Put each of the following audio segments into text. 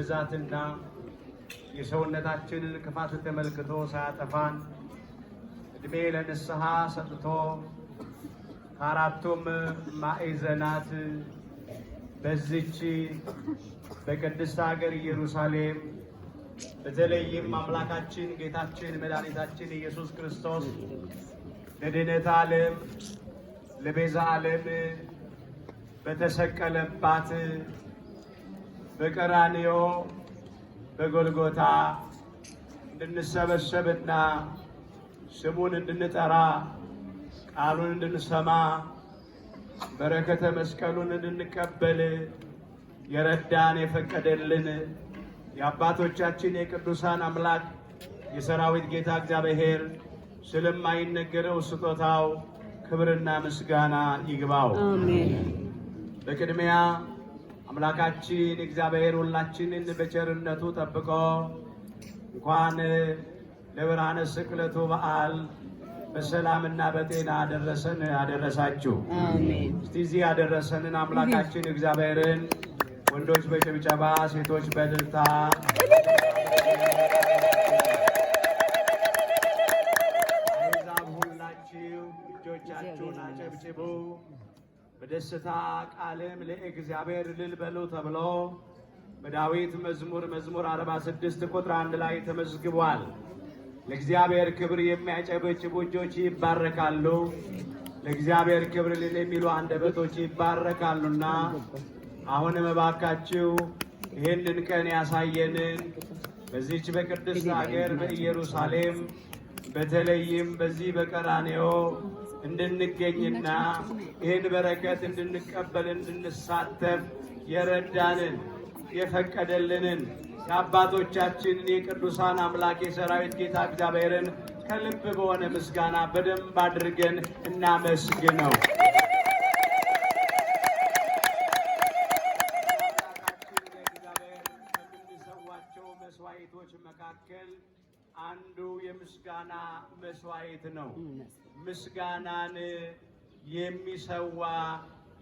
ብዛትና የሰውነታችንን ክፋት ተመልክቶ ሳያጠፋን እድሜ ለንስሐ ሰጥቶ ከአራቱም ማዕዘናት በዚች በቅድስት ሀገር ኢየሩሳሌም በተለይም አምላካችን ጌታችን መድኃኒታችን ኢየሱስ ክርስቶስ ለድነት ዓለም ለቤዛ ዓለም በተሰቀለባት በቀራንዮ በጎልጎታ እንድንሰበሰብና ስሙን እንድንጠራ ቃሉን እንድንሰማ በረከተ መስቀሉን እንድንቀበል የረዳን የፈቀደልን የአባቶቻችን የቅዱሳን አምላክ የሰራዊት ጌታ እግዚአብሔር ስለማይነገረው ስጦታው ክብርና ምስጋና ይግባው። በቅድሚያ አምላካችን እግዚአብሔር ሁላችንን በቸርነቱ ጠብቆ እንኳን ለብርሃነ ስቅለቱ በዓል በሰላምና በጤና አደረሰን አደረሳችሁ። እስቲ እዚህ ያደረሰንን አምላካችን እግዚአብሔርን ወንዶች በጭብጨባ ሴቶች በእልልታ ሁላችሁ እጆቻችሁን አጨብጭቡ። በደስታ ቃልም ለእግዚአብሔር እልል በሉ ተብሎ በዳዊት መዝሙር መዝሙር 46 ቁጥር አንድ ላይ ተመዝግቧል። ለእግዚአብሔር ክብር የሚያጨበጭቡ እጆች ይባረካሉ፣ ለእግዚአብሔር ክብር እልል የሚሉ አንደበቶች ይባረካሉና አሁንም መባካችሁ ይህንን ቀን ያሳየንን በዚች በቅድስት ሀገር በኢየሩሳሌም በተለይም በዚህ በቀራንዮ እንድንገኝና ይህን በረከት እንድንቀበል እንድንሳተፍ የረዳንን የፈቀደልንን የአባቶቻችንን የቅዱሳን አምላክ የሰራዊት ጌታ እግዚአብሔርን ከልብ በሆነ ምስጋና በደንብ አድርገን እናመስግነው። አንዱ የምስጋና መስዋዕት ነው። ምስጋናን የሚሰዋ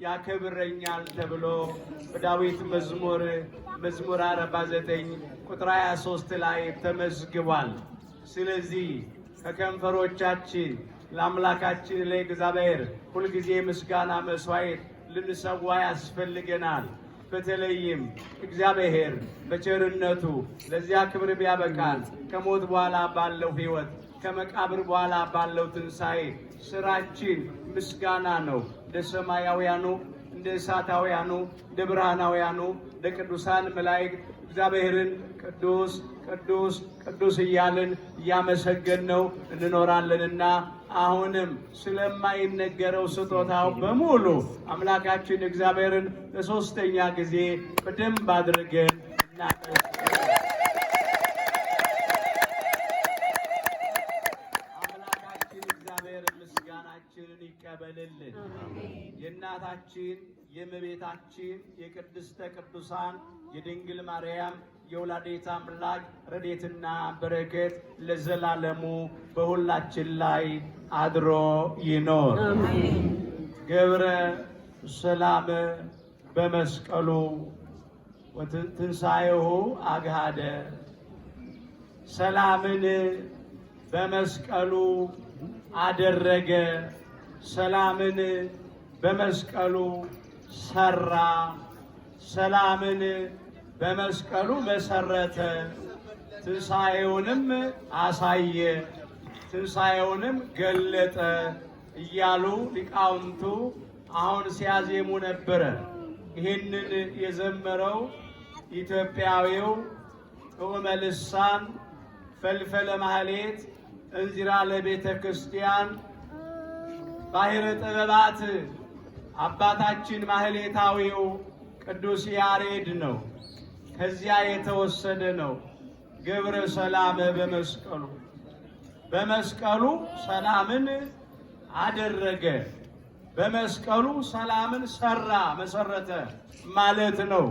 ያከብረኛል ተብሎ በዳዊት መዝሙር መዝሙር 49 ቁጥር 23 ላይ ተመዝግቧል። ስለዚህ ከከንፈሮቻችን ለአምላካችን ለእግዚአብሔር ሁልጊዜ ምስጋና መስዋዕት ልንሰዋ ያስፈልገናል። በተለይም እግዚአብሔር በቸርነቱ ለዚያ ክብር ቢያበቃን ከሞት በኋላ ባለው ሕይወት ከመቃብር በኋላ ባለው ትንሣኤ ስራችን ምስጋና ነው ለሰማያውያኑ እንደ እሳታውያኑ እንደ ብርሃናውያኑ እንደ ቅዱሳን መላእክት እግዚአብሔርን ቅዱስ ቅዱስ ቅዱስ እያልን እያመሰገን ነው እንኖራለንና አሁንም ስለማይነገረው ስጦታው በሙሉ አምላካችን እግዚአብሔርን ለሶስተኛ ጊዜ በደንብ አድርገን እና የእናታችን የእመቤታችን የቅድስተ ቅዱሳን የድንግል ማርያም የወላዲተ አምላክ ረድኤትና በረከት ለዘላለሙ በሁላችን ላይ አድሮ ይኖር። ገብረ ሰላም በመስቀሉ ወትንሣኤሁ አግሃደ ሰላምን በመስቀሉ አደረገ ሰላምን በመስቀሉ ሰራ፣ ሰላምን በመስቀሉ መሰረተ፣ ትንሣኤውንም አሳየ፣ ትንሣኤውንም ገለጠ እያሉ ሊቃውንቱ አሁን ሲያዜሙ ነበረ። ይህንን የዘመረው ኢትዮጵያዊው ጥዑመ ልሳን ፈልፈለ ማህሌት እንዚራ ለቤተ ክርስቲያን ባሕረ ጥበባት አባታችን ማህሌታዊው ቅዱስ ያሬድ ነው። ከዚያ የተወሰደ ነው። ግብረ ሰላመ በመስቀሉ በመስቀሉ ሰላምን አደረገ። በመስቀሉ ሰላምን ሰራ መሰረተ ማለት ነው።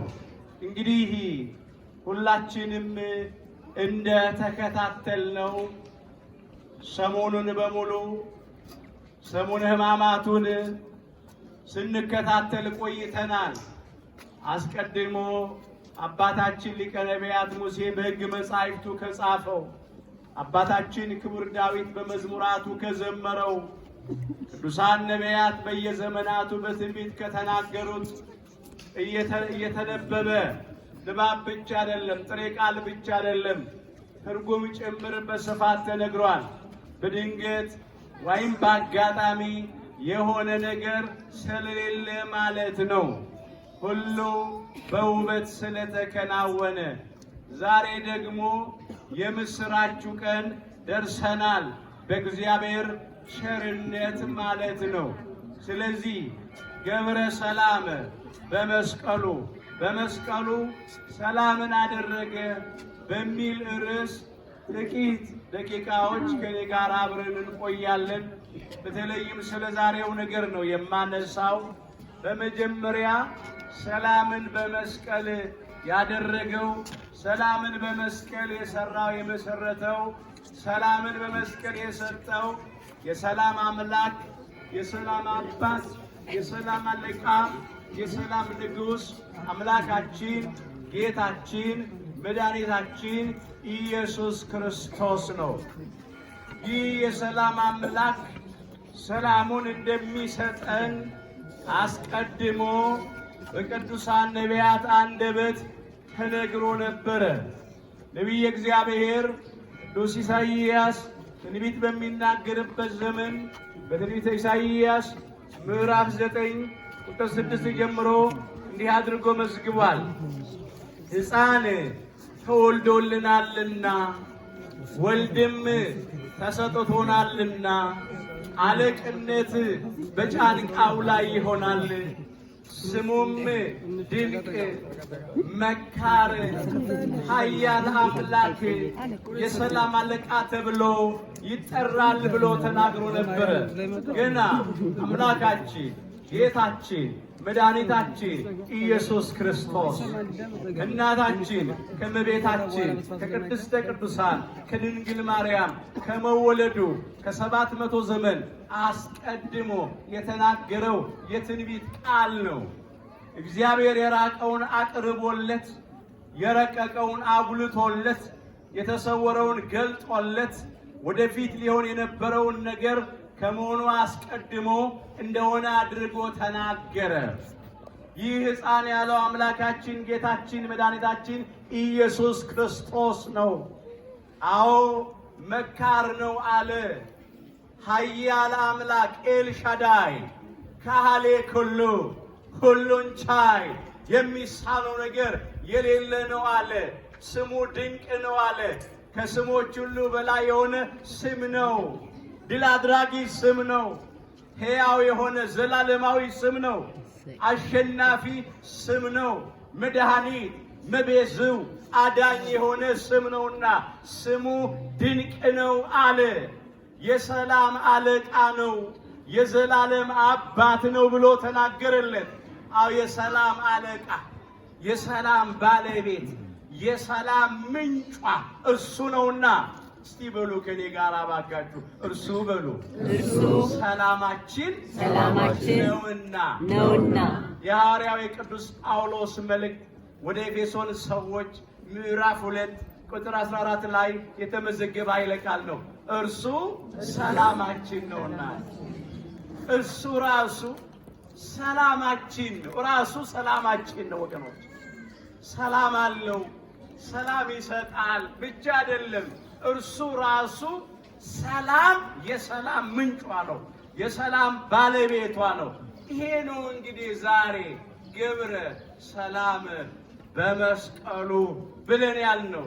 እንግዲህ ሁላችንም እንደ ነው ሰሞኑን በሙሉ ሰሙነ ሕማማቱን ስንከታተል ቆይተናል። አስቀድሞ አባታችን ሊቀ ነቢያት ሙሴ በሕግ መጻሕፍቱ ከጻፈው አባታችን ክቡር ዳዊት በመዝሙራቱ ከዘመረው ቅዱሳን ነቢያት በየዘመናቱ በትንቢት ከተናገሩት እየተነበበ ንባብ ብቻ አይደለም፣ ጥሬ ቃል ብቻ አይደለም፣ ትርጉም ጭምር በስፋት ተነግሯል። በድንገት ወይም በአጋጣሚ የሆነ ነገር ስለሌለ ማለት ነው። ሁሉ በውበት ስለተከናወነ ዛሬ ደግሞ የምስራችሁ ቀን ደርሰናል በእግዚአብሔር ቸርነት ማለት ነው። ስለዚህ ገብረ ሰላም በመስቀሉ በመስቀሉ ሰላምን አደረገ በሚል ርዕስ ጥቂት ደቂቃዎች ከኔ ጋር አብረን እንቆያለን። በተለይም ስለ ዛሬው ነገር ነው የማነሳው። በመጀመሪያ ሰላምን በመስቀል ያደረገው ሰላምን በመስቀል የሰራው የመሰረተው ሰላምን በመስቀል የሰጠው የሰላም አምላክ የሰላም አባት የሰላም አለቃ የሰላም ንጉሥ አምላካችን ጌታችን መድኃኒታችን ኢየሱስ ክርስቶስ ነው። ይህ የሰላም አምላክ ሰላሙን እንደሚሰጠን አስቀድሞ በቅዱሳን ነቢያት አንደበት ተነግሮ ነበረ። ነቢይ እግዚአብሔር ቅዱስ ኢሳይያስ ትንቢት በሚናገርበት ዘመን በትንቢተ ኢሳይያስ ምዕራፍ ዘጠኝ ቁጥር ስድስት ጀምሮ እንዲህ አድርጎ መዝግቧል። ሕፃን ተወልዶልናልና ወልድም ተሰጥቶናልና አለቅነት በጫንቃው ላይ ይሆናል። ስሙም ድንቅ መካር፣ ኃያል አምላክ፣ የሰላም አለቃ ተብሎ ይጠራል ብሎ ተናግሮ ነበረ። ግና አምላካችን ጌታችን መድኃኒታችን ኢየሱስ ክርስቶስ እናታችን ከመቤታችን ከቅድስተ ቅዱሳን ከድንግል ማርያም ከመወለዱ ከሰባት መቶ ዘመን አስቀድሞ የተናገረው የትንቢት ቃል ነው። እግዚአብሔር የራቀውን አቅርቦለት፣ የረቀቀውን አጉልቶለት፣ የተሰወረውን ገልጦለት ወደፊት ሊሆን የነበረውን ነገር ከመሆኑ አስቀድሞ እንደሆነ አድርጎ ተናገረ። ይህ ሕፃን ያለው አምላካችን ጌታችን መድኃኒታችን ኢየሱስ ክርስቶስ ነው። አዎ መካር ነው አለ። ኃያል አምላክ ኤልሻዳይ ካህሌ ኩሉ ሁሉን ቻይ የሚሳነው ነገር የሌለ ነው አለ። ስሙ ድንቅ ነው አለ። ከስሞች ሁሉ በላይ የሆነ ስም ነው። ድል አድራጊ ስም ነው። ሕያው የሆነ ዘላለማዊ ስም ነው። አሸናፊ ስም ነው። መድኃኒት፣ መቤዝው፣ አዳኝ የሆነ ስም ነውና ስሙ ድንቅ ነው አለ። የሰላም አለቃ ነው፣ የዘላለም አባት ነው ብሎ ተናገረለት። አው የሰላም አለቃ፣ የሰላም ባለቤት፣ የሰላም ምንጯ እሱ ነውና እስቲ በሉ ከኔ ጋር አባካችሁ እርሱ በሉ እርሱ ሰላማችን ሰላማችን ነውና ነውና። የሐዋርያው የቅዱስ ጳውሎስ መልእክት ወደ ኤፌሶን ሰዎች ምዕራፍ ሁለት ቁጥር 14 ላይ የተመዘገበ ኃይለ ቃል ነው። እርሱ ሰላማችን ነውና እርሱ ራሱ ሰላማችን ነው። ራሱ ሰላማችን ነው። ወገኖች ሰላም አለው፣ ሰላም ይሰጣል ብቻ አይደለም እርሱ ራሱ ሰላም የሰላም ምንጯ ነው፣ የሰላም ባለቤቷ ነው። ይሄ ነው እንግዲህ ዛሬ ግብረ ሰላም በመስቀሉ ብለን ያልነው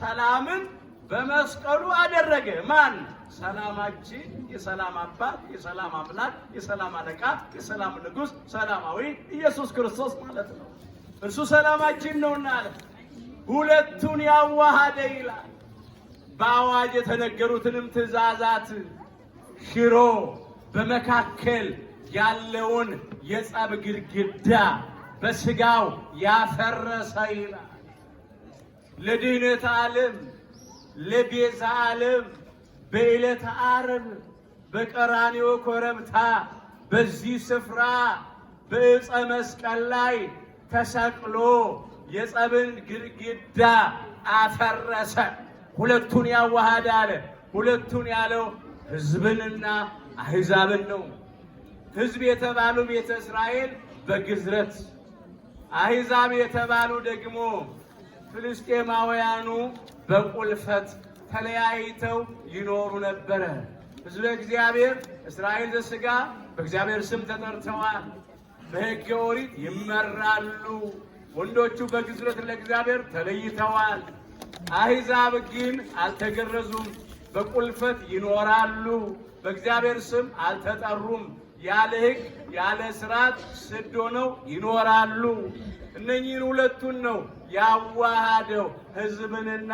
ሰላምን በመስቀሉ አደረገ። ማን? ሰላማችን፣ የሰላም አባት፣ የሰላም አምላክ፣ የሰላም አለቃ፣ የሰላም ንጉሥ፣ ሰላማዊ ኢየሱስ ክርስቶስ ማለት ነው። እርሱ ሰላማችን ነውና ሁለቱን ያዋሃደ ይላል በአዋጅ የተነገሩትንም ትእዛዛት ሽሮ በመካከል ያለውን የጸብ ግድግዳ በስጋው ያፈረሰ ይላል። ለድኅነት ዓለም ለቤዛ ዓለም በዕለተ ዓርብ በቀራንዮ ኮረብታ በዚህ ስፍራ በዕፀ መስቀል ላይ ተሰቅሎ የጸብን ግድግዳ አፈረሰ። ሁለቱን ያዋሃደ አለ። ሁለቱን ያለው ህዝብንና አህዛብን ነው። ህዝብ የተባሉ ቤተ እስራኤል በግዝረት አህዛብ የተባሉ ደግሞ ፍልስጤማውያኑ በቁልፈት ተለያይተው ይኖሩ ነበረ። ህዝበ እግዚአብሔር እስራኤል ዘስጋ በእግዚአብሔር ስም ተጠርተዋል፣ በሕገ ኦሪት ይመራሉ። ወንዶቹ በግዝረት ለእግዚአብሔር ተለይተዋል። አሕዛብ ግን አልተገረዙም፣ በቁልፈት ይኖራሉ፣ በእግዚአብሔር ስም አልተጠሩም፣ ያለ ሕግ ያለ ስርዓት ስዶ ነው ይኖራሉ። እነኚህን ሁለቱን ነው ያዋሃደው። ሕዝብንና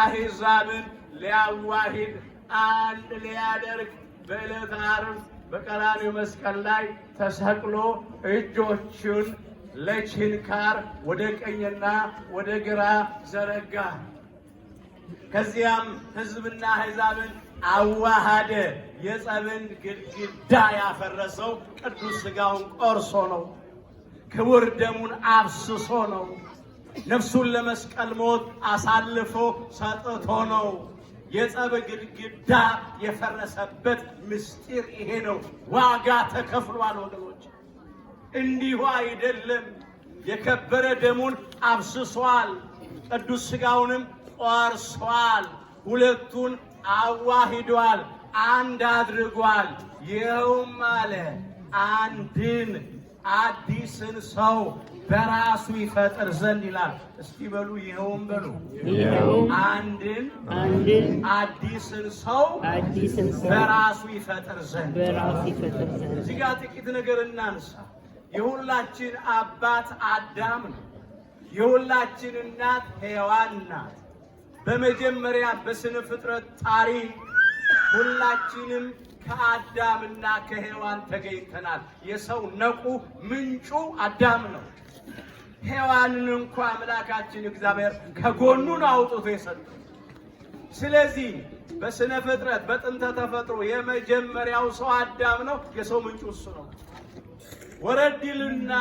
አሕዛብን ሊያዋሂድ አንድ ሊያደርግ በዕለተ ዓርብ በቀራንዮ መስቀል ላይ ተሰቅሎ እጆቹን ለችንካር ወደ ቀኝና ወደ ግራ ዘረጋ። ከዚያም ሕዝብና አሕዛብን አዋሃደ። የጸብን ግድግዳ ያፈረሰው ቅዱስ ሥጋውን ቆርሶ ነው። ክቡር ደሙን አፍስሶ ነው። ነፍሱን ለመስቀል ሞት አሳልፎ ሰጥቶ ነው። የጸብ ግድግዳ የፈረሰበት ምስጢር ይሄ ነው። ዋጋ ተከፍሏል ወገኖች። እንዲሁ አይደለም። የከበረ ደሙን አብስሷል፣ ቅዱስ ሥጋውንም ቆርሷል። ሁለቱን አዋሂዷል፣ አንድ አድርጓል። ይኸውም አለ አንድን አዲስን ሰው በራሱ ይፈጥር ዘንድ ይላል። እስቲ በሉ ይኸውም በሉ አንድን አዲስን ሰው በራሱ ይፈጥር ዘንድ እዚህ ጋር ጥቂት ነገር እናንሳ። የሁላችን አባት አዳም ነው። የሁላችን እናት ሔዋን ናት። በመጀመሪያ በስነ ፍጥረት ታሪክ ሁላችንም ከአዳምና ከሔዋን ተገኝተናል። የሰው ነቁ ምንጩ አዳም ነው። ሔዋንን እንኳ አምላካችን እግዚአብሔር ከጎኑን አውጥቶ የሰጠው። ስለዚህ በስነ ፍጥረት በጥንተ ተፈጥሮ የመጀመሪያው ሰው አዳም ነው። የሰው ምንጩ እሱ ነው። ወረድልና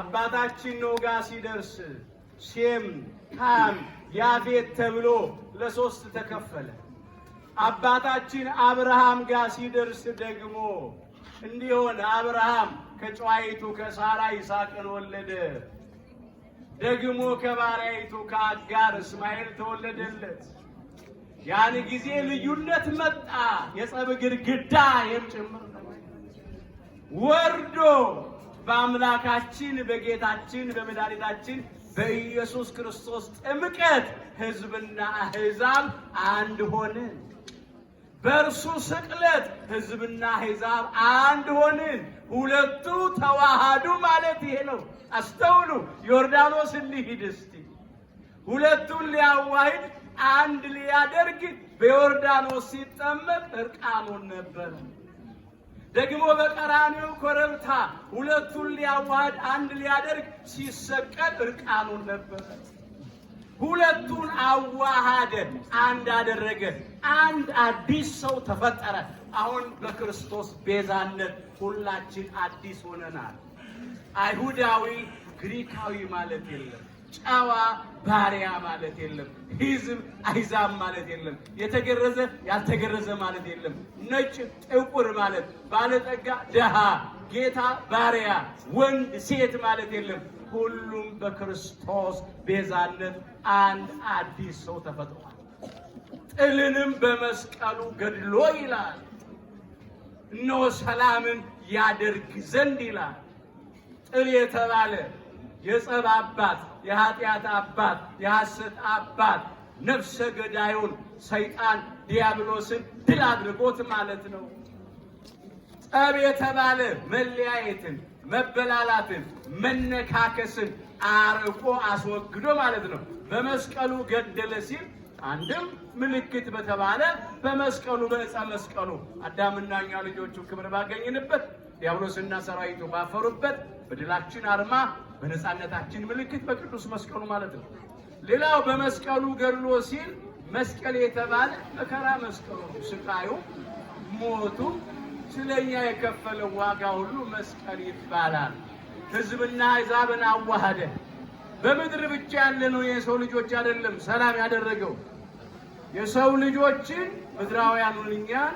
አባታችን ነው ጋር ሲደርስ ሴም ካም፣ ያፌት ተብሎ ለሶስት ተከፈለ። አባታችን አብርሃም ጋር ሲደርስ ደግሞ እንዲሆን አብርሃም ከጨዋይቱ ከሳራ ይስሐቅን ወለደ። ደግሞ ከባሪያይቱ ከአጋር እስማኤል ተወለደለት። ያን ጊዜ ልዩነት መጣ፣ የጸብ ግድግዳ ይም ጭምር ወርዶ በአምላካችን በጌታችን በመድኃኒታችን በኢየሱስ ክርስቶስ ጥምቀት ሕዝብና አሕዛብ አንድ ሆንን። በእርሱ ስቅለት ሕዝብና አሕዛብ አንድ ሆንን። ሁለቱ ተዋሃዱ ማለት ይሄ ነው። አስተውሉ። ዮርዳኖስ እንሂድ እስቲ። ሁለቱን ሊያዋሂድ አንድ ሊያደርግ በዮርዳኖስ ሲጠመቅ እርቃኑን ነበር። ደግሞ በቀራኒው ኮረብታ ሁለቱን ሊያዋህድ አንድ ሊያደርግ ሲሰቀል እርቃኑን ነበረ። ሁለቱን አዋሃደ፣ አንድ አደረገ። አንድ አዲስ ሰው ተፈጠረ። አሁን በክርስቶስ ቤዛነት ሁላችን አዲስ ሆነናል። አይሁዳዊ ግሪካዊ ማለት የለም። ጨዋ ባሪያ ማለት የለም። ሂዝብ አይዛብ ማለት የለም። የተገረዘ ያልተገረዘ ማለት የለም። ነጭ ጥቁር ማለት፣ ባለጠጋ ድሃ፣ ጌታ ባሪያ፣ ወንድ ሴት ማለት የለም። ሁሉም በክርስቶስ ቤዛነት አንድ አዲስ ሰው ተፈጥሯል። ጥልንም በመስቀሉ ገድሎ ይላል እነሆ ሰላምን ያደርግ ዘንድ ይላል ጥል የተባለ የጸብ አባት፣ የኃጢአት አባት፣ የሐሰት አባት ነፍሰ ገዳዩን ሰይጣን ዲያብሎስን ድል አድርጎት ማለት ነው። ጸብ የተባለ መለያየትን፣ መበላላትን፣ መነካከስን አርቆ አስወግዶ ማለት ነው። በመስቀሉ ገደለ ሲል አንድም ምልክት በተባለ በመስቀሉ በዕፀ መስቀሉ አዳምና እኛ ልጆቹ ክብር ባገኝንበት ዲያብሎስና ሰራዊቱ ባፈሩበት በድላችን አርማ በነፃነታችን ምልክት በቅዱስ መስቀሉ ማለት ነው። ሌላው በመስቀሉ ገድሎ ሲል መስቀል የተባለ መከራ መስቀሉ ስቃዩ፣ ሞቱ ስለኛ የከፈለው ዋጋ ሁሉ መስቀል ይባላል። ህዝብና አሕዛብን አዋሃደ። በምድር ብቻ ያለነው የሰው ልጆች አይደለም ሰላም ያደረገው የሰው ልጆችን ምድራውያኑን እኛን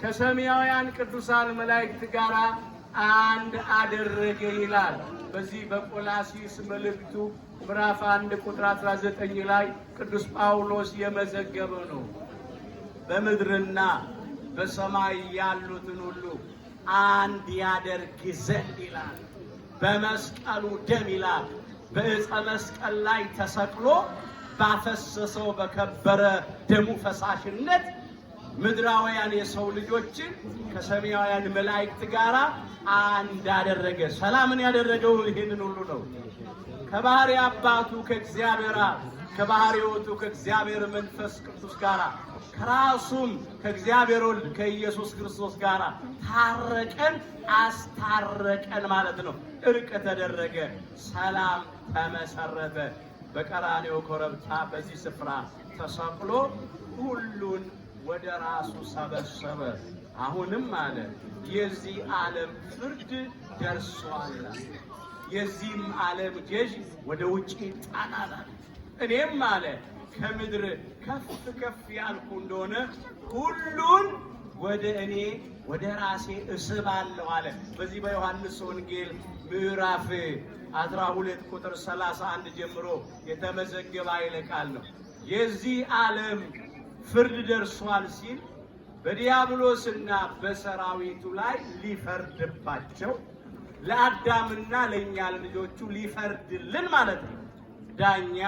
ከሰማያውያን ቅዱሳን መላእክት ጋራ አንድ አደረገ ይላል። በዚህ በቆላሲስ መልእክቱ ምዕራፍ አንድ ቁጥር 19 ላይ ቅዱስ ጳውሎስ የመዘገበ ነው። በምድርና በሰማይ ያሉትን ሁሉ አንድ ያደርግ ዘንድ ይላል። በመስቀሉ ደም ይላል በዕፀ መስቀል ላይ ተሰቅሎ ባፈሰሰው በከበረ ደሙ ፈሳሽነት ምድራውያን የሰው ልጆችን ከሰማያውያን መላእክት ጋር አንድ አደረገ። ሰላምን ያደረገው ይህንን ሁሉ ነው። ከባህሪ አባቱ ከእግዚአብሔር ከባህሪ ሕይወቱ ከእግዚአብሔር መንፈስ ቅዱስ ጋር ከራሱም ከእግዚአብሔር ወልድ ከኢየሱስ ክርስቶስ ጋር ታረቀን፣ አስታረቀን ማለት ነው። እርቅ ተደረገ፣ ሰላም ተመሰረተ። በቀራኔው ኮረብታ በዚህ ስፍራ ተሰቅሎ ሁሉን ወደ ራሱ ሰበሰበ። አሁንም አለ የዚህ ዓለም ፍርድ ደርሷል። የዚህም ዓለም ገዥ ወደ ውጭ ጣላል። እኔም አለ ከምድር ከፍ ከፍ ያልኩ እንደሆነ ሁሉን ወደ እኔ ወደ ራሴ እስባለሁ አለ። በዚህ በዮሐንስ ወንጌል ምዕራፍ 12 ቁጥር 31 ጀምሮ የተመዘገበ አይለቃል ነው። የዚህ ዓለም ፍርድ ደርሷል ሲል በዲያብሎስና በሰራዊቱ ላይ ሊፈርድባቸው ለአዳምና ለእኛ ልጆቹ ሊፈርድልን ማለት ነው። ዳኛ